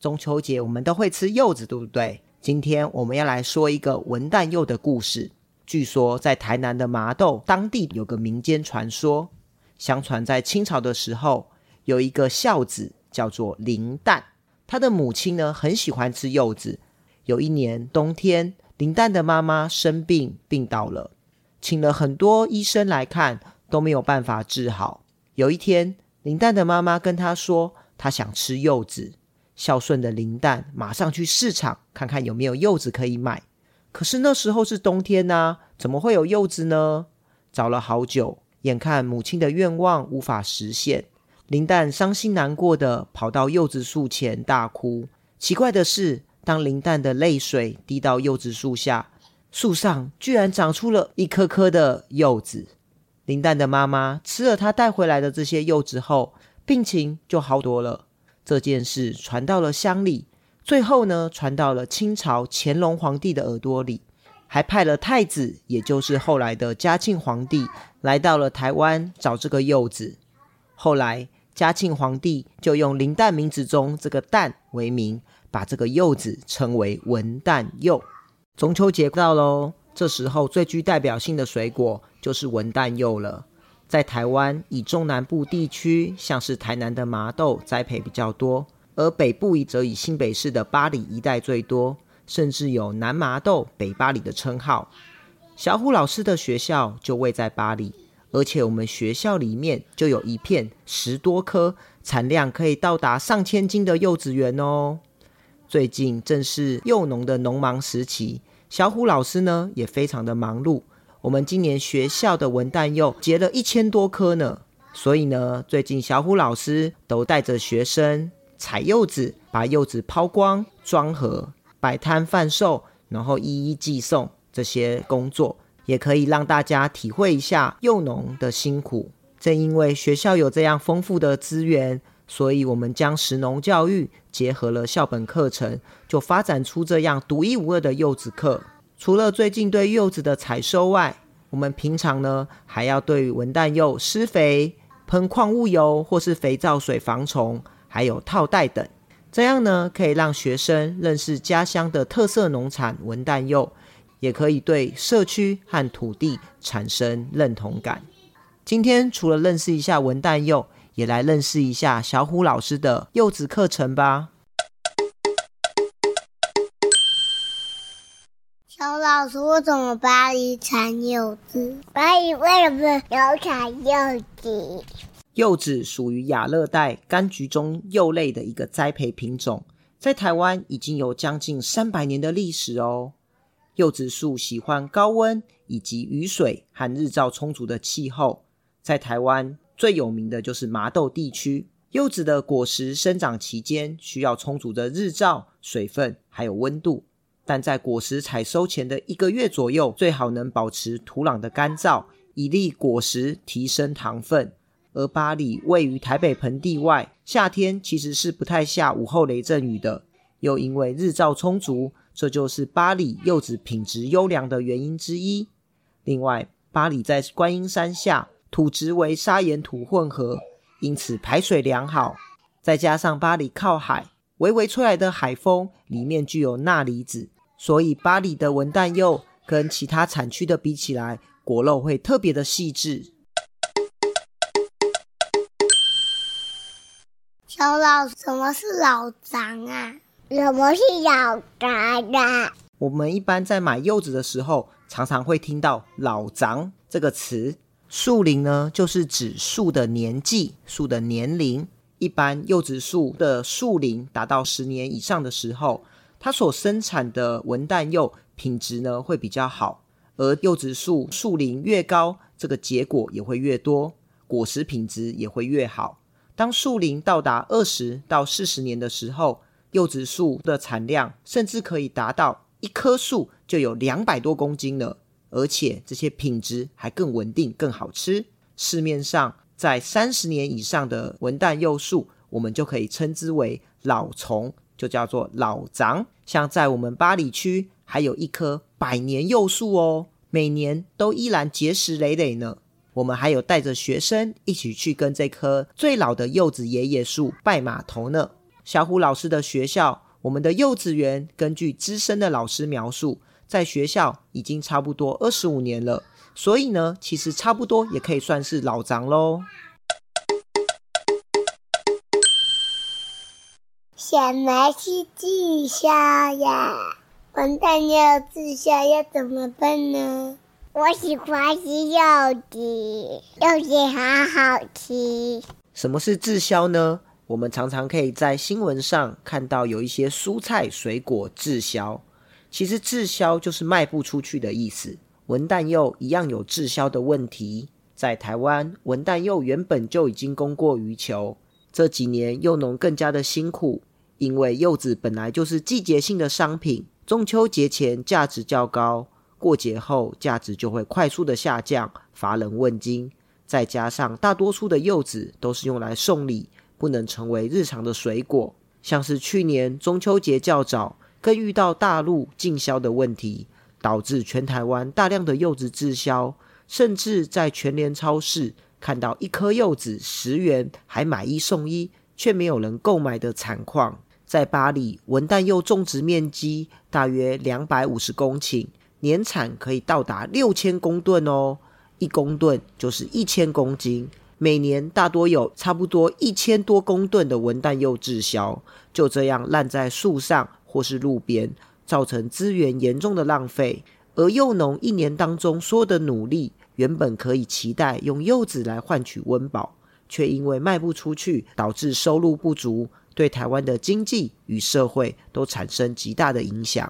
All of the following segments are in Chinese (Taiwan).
中秋節我們都會吃柚子，對不對？今天我們要來說一個文旦柚的故事。據說在台南的麻豆，當地有個民間傳說。相傳在清朝的時候，有一個孝子叫做林旦，他的母親呢很喜歡吃柚子。有一年冬天，林旦的媽媽生病病倒了，請了很多醫生來看，都沒有辦法治好。有一天，林旦的媽媽跟他說，她想吃柚子。孝順的林蛋馬上去市場看看有沒有柚子可以買，可是那時候是冬天吶、啊，怎麼會有柚子呢？找了好久，眼看母親的願望無法實現，林蛋傷心難過的跑到柚子樹前大哭。奇怪的是，當林蛋的淚水滴到柚子樹下，樹上居然長出了一顆顆的柚子。林蛋的媽媽吃了他帶回來的這些柚子後，病情，就好多了。這件事傳到了鄉里，最後呢，傳到了清朝乾隆皇帝的耳朵裡，還派了太子，也就是後來的嘉慶皇帝，來到了台灣找這個柚子。後來嘉慶皇帝就用林旦名字中這個“旦”為名，把這個柚子稱為文旦柚。中秋節到嘍，這時候最具代表性的水果就是文旦柚了。在台灣，以中南部地區，像是台南的麻豆栽培比較多；而北部則以以新北市的八里一帶最多，甚至有“南麻豆，北八里”的稱號。小虎老師的學校就位在八里，而且我們學校裡面就有一片十多棵、產量可以到達上千斤的柚子園哦。最近正是柚農的農忙時期，小虎老師呢也非常的忙碌。我們今年學校的文旦柚結了一千多顆呢，所以呢，最近小虎老師都帶着學生採柚子，把柚子拋光、裝盒、擺攤販售，然後一一寄送。這些工作也可以讓大家體會一下柚農的辛苦。正因為學校有這樣豐富的資源，所以我們將食農教育結合了校本課程，就發展出這樣獨一無二的柚子課。除了最近對柚子的採收外，我們平常呢還要對於文旦柚施肥、噴礦物油或是肥皂水防蟲，還有套袋等。這樣呢可以讓學生認識家鄉的特色農產文旦柚，也可以對社區和土地產生認同感。今天除了認識一下文旦柚，也來認識一下小虎老師的柚子課程吧。老師，我怎麼八里產柚子？八里為什麼有產柚子？柚子屬於亞熱帶柑橘中柚類的一個栽培品種，在台灣已經有將近三百年的歷史哦。柚子樹喜歡高溫以及雨水和日照充足的氣候，在台灣最有名的就是麻豆地區。柚子的果實生長期間需要充足的日照、水分還有溫度。但在果實採收前的一個月左右，最好能保持土壤的乾燥，以利果實提升糖分。而八里位於台北盆地外，夏天其實是不太下午後雷陣雨的，又因為日照充足，這就是八里柚子品質優良的原因之一。另外，八里在觀音山下，土質為砂岩土混合，因此排水良好。再加上八里靠海，微微吹來的海風裡面具有鈉離子。所以八里的文旦柚跟其他產區的比起來，果肉會特別的細緻。小老什麼是樹齡啊？什麼是樹齡的、啊？我們一般在買柚子的時候，常常會聽到“樹齡”這個詞。樹齡呢，就是指樹的年紀、樹的年齡。一般柚子樹的樹齡達到十年以上的時候。它所生產的文旦柚品質呢會比較好，而柚子樹樹齡越高，這個結果也會越多，果實品質也會越好。當樹齡到達二十到四十年的時候，柚子樹的產量甚至可以達到一棵樹就有兩百多公斤了，而且這些品質還更穩定、更好吃。市面上在三十年以上的文旦柚樹，我們就可以稱之為老叢。就叫做老欉，像在我們八里區還有一棵百年柚樹哦，每年都依然結實累累呢。我們還有帶着學生一起去跟這棵最老的柚子爺爺樹拜碼頭呢。小虎老師的學校，我們的柚子園，根據資深的老師描述，在學校已經差不多二十五年了，所以呢，其實差不多也可以算是老欉嘍。什麼是滯銷呀？文旦柚滯銷要怎麼辦呢？我喜歡吃柚子，柚子好好吃。什麼是滯銷呢？我們常常可以在新聞上看到有一些蔬菜、水果滯銷。其實滯銷就是賣不出去的意思。文旦柚一樣有滯銷的問題。在台灣，文旦柚原本就已經供過於求，這幾年柚農，更加的辛苦。因為柚子本來就是季節性的商品，中秋節前價值較高，過節後價值就會快速的下降，乏人問津。再加上大多數的柚子都是用來送禮，不能成為日常的水果。像是去年中秋節較早，更遇到大陸禁銷的問題，導致全台灣大量的柚子滯銷，甚至在全聯超市看到一顆柚子十元還買一送一，卻沒有人購買的慘況。在八里，文旦柚種植面積大約兩百五十公頃，年產可以到達六千公噸哦。一公噸就是一千公斤，每年大多有差不多一千多公噸的文旦柚滯銷，就這樣爛在樹上或是路邊，造成資源嚴重的浪費。而柚農一年當中所有的努力，原本可以期待用柚子來換取溫飽，卻因為賣不出去，導致收入不足。對台灣的經濟與社會都產生極大的影響。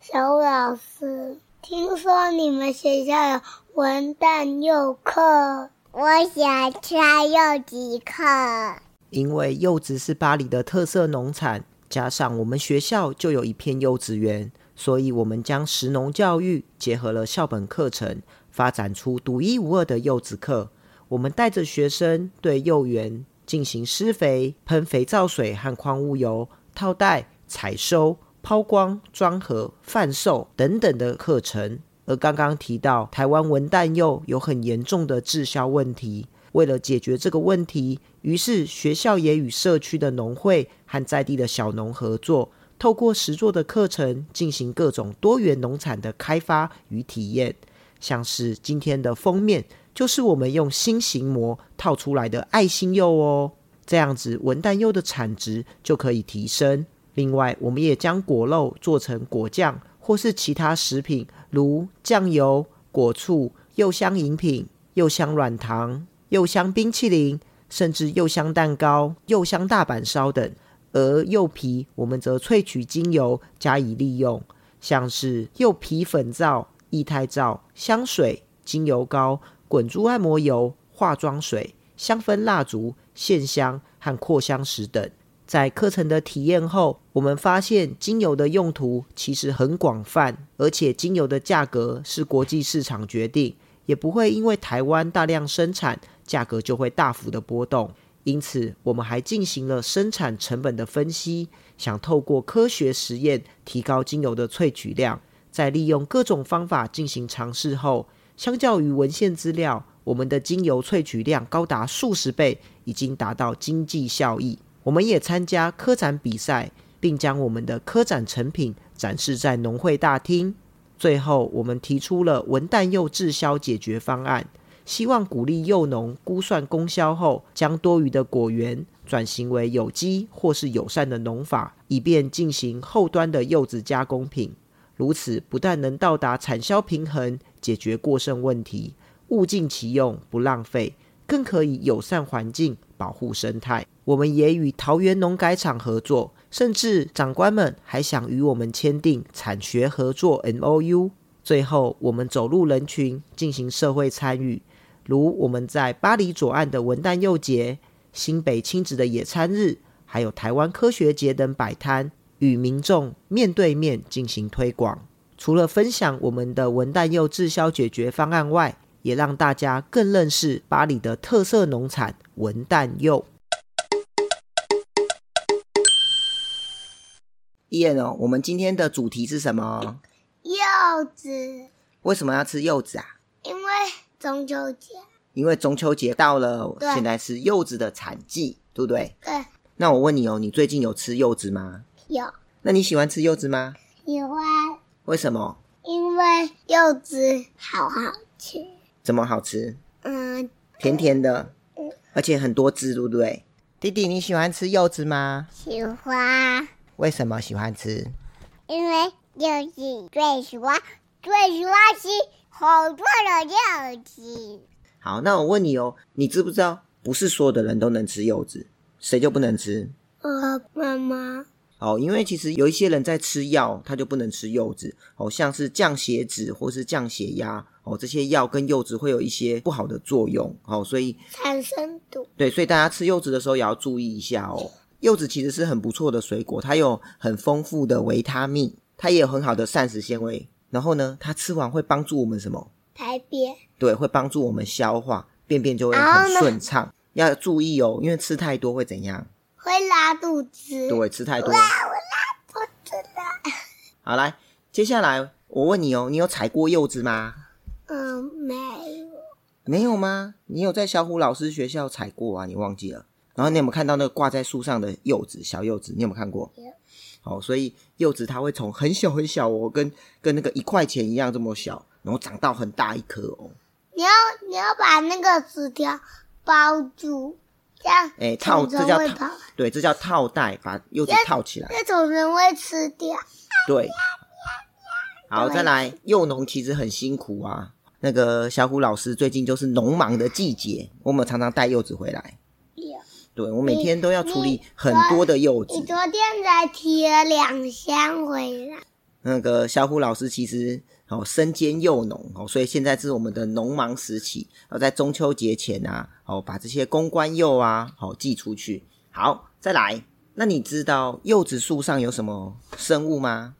小虎老師，聽說你們學校有文旦柚課，我想吃柚子課。因為柚子是八里的特色農產，加上我們學校就有一片柚子園，所以我們將食農教育結合了校本課程，發展出獨一無二的柚子課。我們帶着學生對柚園，進行施肥、噴肥皂水和礦物油、套袋、採收、拋光、裝盒、販售等等的課程。而剛剛提到，台灣文旦柚有很嚴重的滯銷問題。為了解決這個問題，於是學校也與社區的農會和在地的小農合作，透過實作的課程進行各種多元農產的開發與體驗，像是今天的封面。就是我們用心形膜套出來的愛心柚哦，這樣子文旦柚的產值就可以提升。另外，我們也將果肉做成果醬，或是其他食品，如醬油、果醋、柚香飲品、柚香軟糖、柚香冰淇淋，甚至柚香蛋糕、柚香大阪燒等。而柚皮，我們則萃取精油加以利用，像是柚皮粉皂、液態皂、香水、精油膏。滾珠按摩油、化妝水、香氛蠟燭、線香和擴香石等。在課程的體驗後，我們發現精油的用途其實很廣泛，而且精油的價格是國際市場決定，也不會因為台灣大量生產，價格就會大幅的波動。因此，我們還進行了生產成本的分析，想透過科學實驗提高精油的萃取量，在利用各種方法進行嘗試後，相較於文獻資料，我們的精油萃取量高達數十倍，已經達到經濟效益。我們也參加科展比賽，並將我們的科展成品展示在農會大廳。最後，我們提出了文旦柚滯銷解決方案，希望鼓勵柚農估算供銷後，將多餘的果園轉型為有機或是友善的農法，以便進行後端的柚子加工品。如此不但能到達產銷平衡，解決過剩問題，物盡其用，不浪費，更可以友善環境，保護生態。我們也與桃園農改場合作，甚至長官們還想與我們簽訂產學合作 MOU。最後，我們走入人群，進行社會參與，如我們在巴黎左岸的文旦柚節、新北親子的野餐日，還有台灣科學節等擺攤。與民眾面對面進行推廣，除了分享我們的文旦柚滯銷解決方案外，也讓大家更認識八里的特色農產文旦柚。Ian 哦，我們今天的主題是什麼？柚子。為什麼要吃柚子啊？因為中秋節。因為中秋節到了，現在是柚子的產季，對不對？對。那我問你哦，你最近有吃柚子嗎？有，那你喜歡吃柚子嗎？喜歡。為什麼？因為柚子好好吃。怎麼好吃？嗯，甜甜的，嗯，而且很多汁，對不對？弟弟，你喜歡吃柚子嗎？喜歡。為什麼喜歡吃？因為柚子最喜歡，最喜歡吃好多的柚子。好，那我問你哦，你知不知道，不是所有的人都能吃柚子，誰就不能吃？我媽媽。哦，因為其實有一些人在吃藥，他就不能吃柚子。哦，像是降血脂或是降血壓，哦，這些藥跟柚子會有一些不好的作用。哦，所以產生毒。對，所以大家吃柚子的時候也要注意一下哦。對柚子其實是很不錯的水果，它有很豐富的維他命，它也有很好的膳食纖維。然後呢，它吃完會幫助我們什麼？排便。對，會幫助我們消化，便便就會很順暢。要注意哦，因為吃太多會怎樣？會拉肚子，對，吃太多。哇、啊，我拉肚子了。好，來，接下來我問你哦，你有採過柚子嗎？嗯，沒有。沒有嗎？你有在小虎老師學校採過啊？你忘記了？然後你有沒有看到那個掛在樹上的柚子，小柚子？你有沒有看過？沒有。好、哦，所以柚子它會從很小很小哦，跟跟那個一塊錢一樣這麼小，然後長到很大一顆哦。你要你要把那個紙條包住。哎、欸，套，這叫套。對，這叫套袋，把柚子套起來。那種人會吃掉。對。 好，再來，柚農其實很辛苦啊。那個小虎老師最近就是農忙的季節，我們常常帶柚子回來。有對，我每天都要處理很多的柚子。你，你，你昨天才提了兩箱回來。那個小虎老師其實哦，身兼柚農哦，所以現在是我們的農忙時期哦，在中秋節前啊哦，把這些公關柚啊好寄出去。好，再來。那你知道柚子樹上有什麼生物嗎？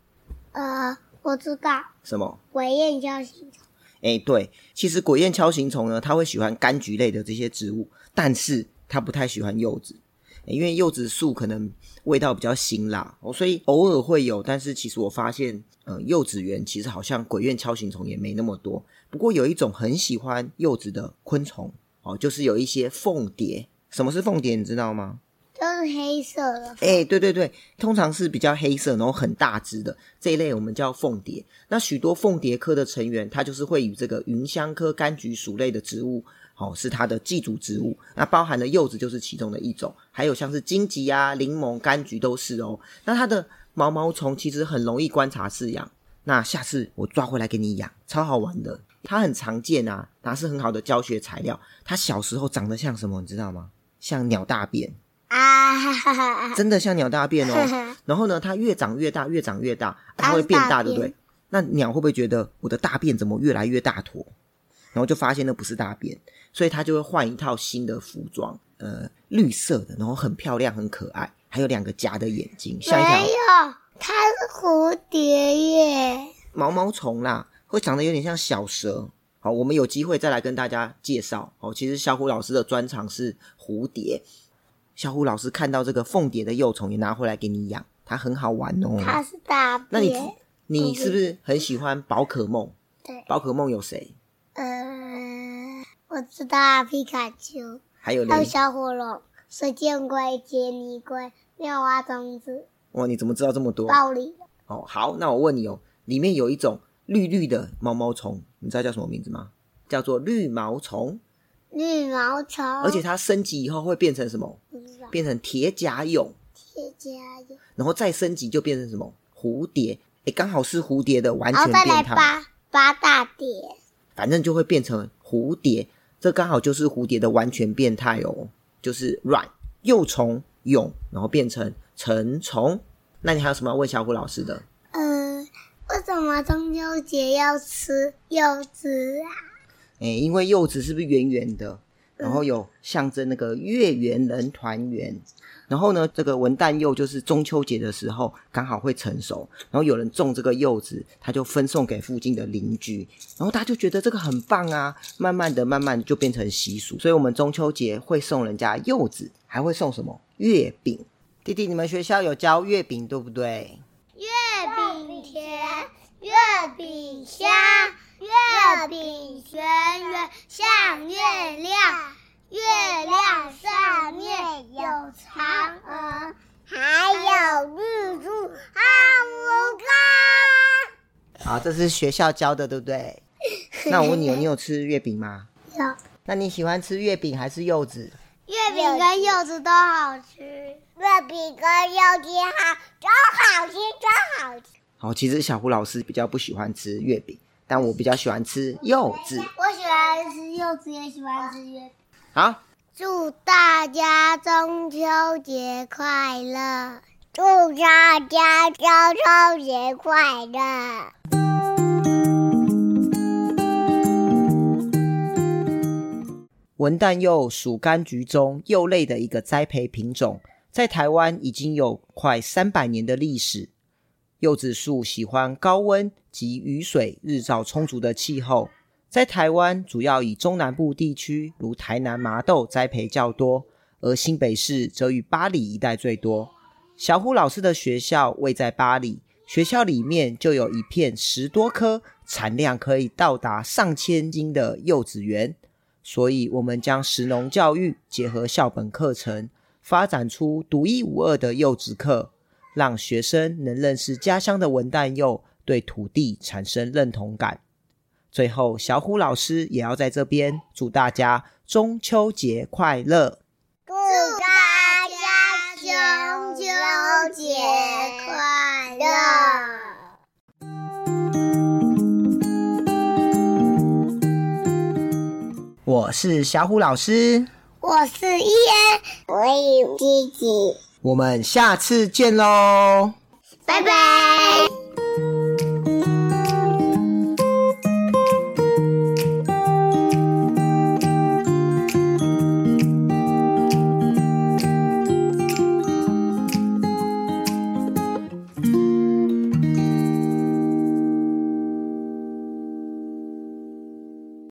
呃，我知道。什麼？鬼豔鍬形蟲。誒，對，其實鬼豔鍬形蟲呢，它會喜歡柑橘類的這些植物，但是它不太喜歡柚子。因為柚子樹可能味道比較辛辣，哦，所以偶爾會有。但是其實我發現，嗯、呃，柚子園其實好像鬼豔鍬形蟲也沒那麼多。不過有一種很喜歡柚子的昆蟲，哦，就是有一些鳳蝶。什麼是鳳蝶，你知道嗎？就是黑色的。哎、欸，對對對，通常是比較黑色，然後很大只的這一類，我們叫鳳蝶。那許多鳳蝶科的成員，它就是會與這個芸香科柑橘屬類的植物。哦，是它的寄主植物，那包含了柚子就是其中的一種，還有像是荊棘啊、檸檬、柑橘都是哦。那它的毛毛蟲其實很容易觀察飼養，那下次我抓回來給你養，超好玩的。它很常見啊，它是很好的教學材料。它小時候長得像什麼，你知道嗎？像鳥大便啊， 真的像鳥大便哦。然後呢，它越長越大，越長越大，它會變大，對不對？那鳥會不會覺得我的大便怎麼越來越大坨？然後就發現那不是大便，所以他就會換一套新的服裝，呃，綠色的，然後很漂亮，很可愛，還有兩個假的眼睛，像一條，沒有，它是蝴蝶耶。毛毛蟲啦、啊，會長得有點像小蛇。好，我們有機會再來跟大家介紹哦。其實小虎老師的專長是蝴蝶。小虎老師看到這個鳳蝶的幼蟲也拿回來給你養，它很好玩哦。嗯、它是大便？那你你是不是很喜歡寶可夢？對，寶可夢有誰？呃，我知道啊，皮卡丘，還有還有小火龍，水箭龜、傑尼龜、妙蛙種子。哇，你怎麼知道這麼多？暴力。哦，好，那我問你哦，裡面有一種綠綠的毛毛蟲，你知道叫什麼名字嗎？叫做綠毛蟲。綠毛蟲。而且它升級以後會變成什麼？不知道。變成鐵甲蛹。鐵甲蛹。然後再升級就變成什麼？蝴蝶。哎、欸，剛好是蝴蝶的完全變態。然後再來八八大蝶。反正就會變成蝴蝶，這剛好就是蝴蝶的完全變態哦，就是卵，幼蟲、蛹，然後變成成蟲。那你還有什麼要問小虎老師的？呃，為什麼中秋節要吃柚子啊？哎，因為柚子是不是圓圓的？然後有象徵那個月圓人團圓，然後呢，這個文旦柚就是中秋節的時候剛好會成熟，然後有人種這個柚子，他就分送給附近的鄰居，然後大家就覺得這個很棒啊，慢慢的，慢慢就變成習俗。所以，我們中秋節會送人家柚子，還會送什麼？月餅。弟弟，你們學校有教月餅，對不對？月餅甜。月餅香，月餅圓圓像月亮，月亮上面有嫦娥，還有玉兔和吳剛。好，這是學校教的，對不對？ 那我問你，你有吃月餅嗎？有。那你喜歡吃月餅還是柚子？月餅跟柚子都好吃。月餅跟柚子好，真好吃，真好吃。哦，其實小虎老師比較不喜歡吃月餅，但我比較喜歡吃柚子。我，我喜歡吃柚子，也喜歡吃月餅。好、啊，祝大家中秋節快樂！祝大家中秋，秋節快樂！文旦柚屬柑橘中柚類的一個栽培品種，在台灣已經有快三百年的歷史。柚子樹喜歡高溫及雨水、日照充足的氣候，在台灣主要以中南部地區，如台南麻豆栽培較多，而新北市則以八里一帶最多。小虎老師的學校位在八里，學校裡面就有一片十多棵，產量可以到達上千顆的柚子園，所以我們將食農教育結合校本課程，發展出獨一無二的柚子課。讓學生能認識家鄉的文旦柚，又對土地產生認同感。最後，小虎老師也要在這邊祝大家中秋節快樂！祝大家中秋節快樂！快樂，我是小虎老師。我是伊恩，我有吉吉。我們下次見嘍，拜拜。